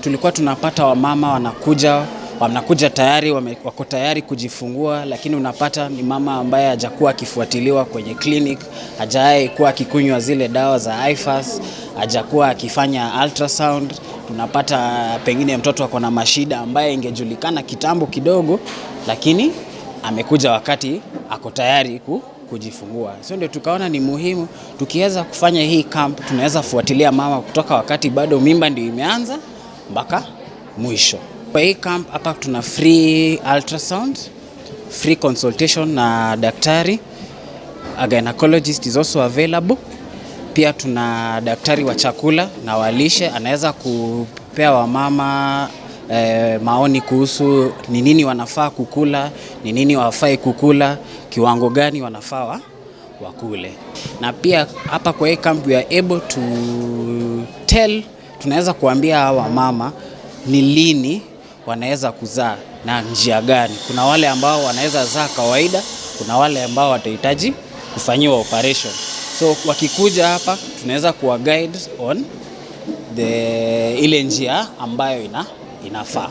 tulikuwa tunapata wamama wanakuja wanakuja tayari wame, wako tayari kujifungua, lakini unapata ni mama ambaye hajakuwa akifuatiliwa kwenye clinic, hajawahi kuwa akikunywa zile dawa za IFAS, hajakuwa akifanya ultrasound. Tunapata pengine mtoto ako na mashida ambaye ingejulikana kitambo kidogo, lakini amekuja wakati ako tayari ku kujifungua. Sio ndio, tukaona ni muhimu tukiweza kufanya hii camp, tunaweza fuatilia mama kutoka wakati bado mimba ndio imeanza mpaka mwisho. Kwa hii camp hapa tuna free ultrasound, free consultation na daktari. A gynecologist is also available. Pia tuna daktari wa chakula na walishe, anaweza kupea wamama eh, maoni kuhusu ni nini wanafaa kukula, ni nini wafai kukula, kiwango gani wanafaa wakule. Na pia hapa kwa hii camp we are able to tell tunaweza kuambia hawa mama ni lini wanaweza kuzaa na njia gani. Kuna wale ambao wanaweza zaa kawaida, kuna wale ambao watahitaji kufanyiwa operation. So wakikuja hapa tunaweza kuwa guide on the ile njia ambayo ina, inafaa.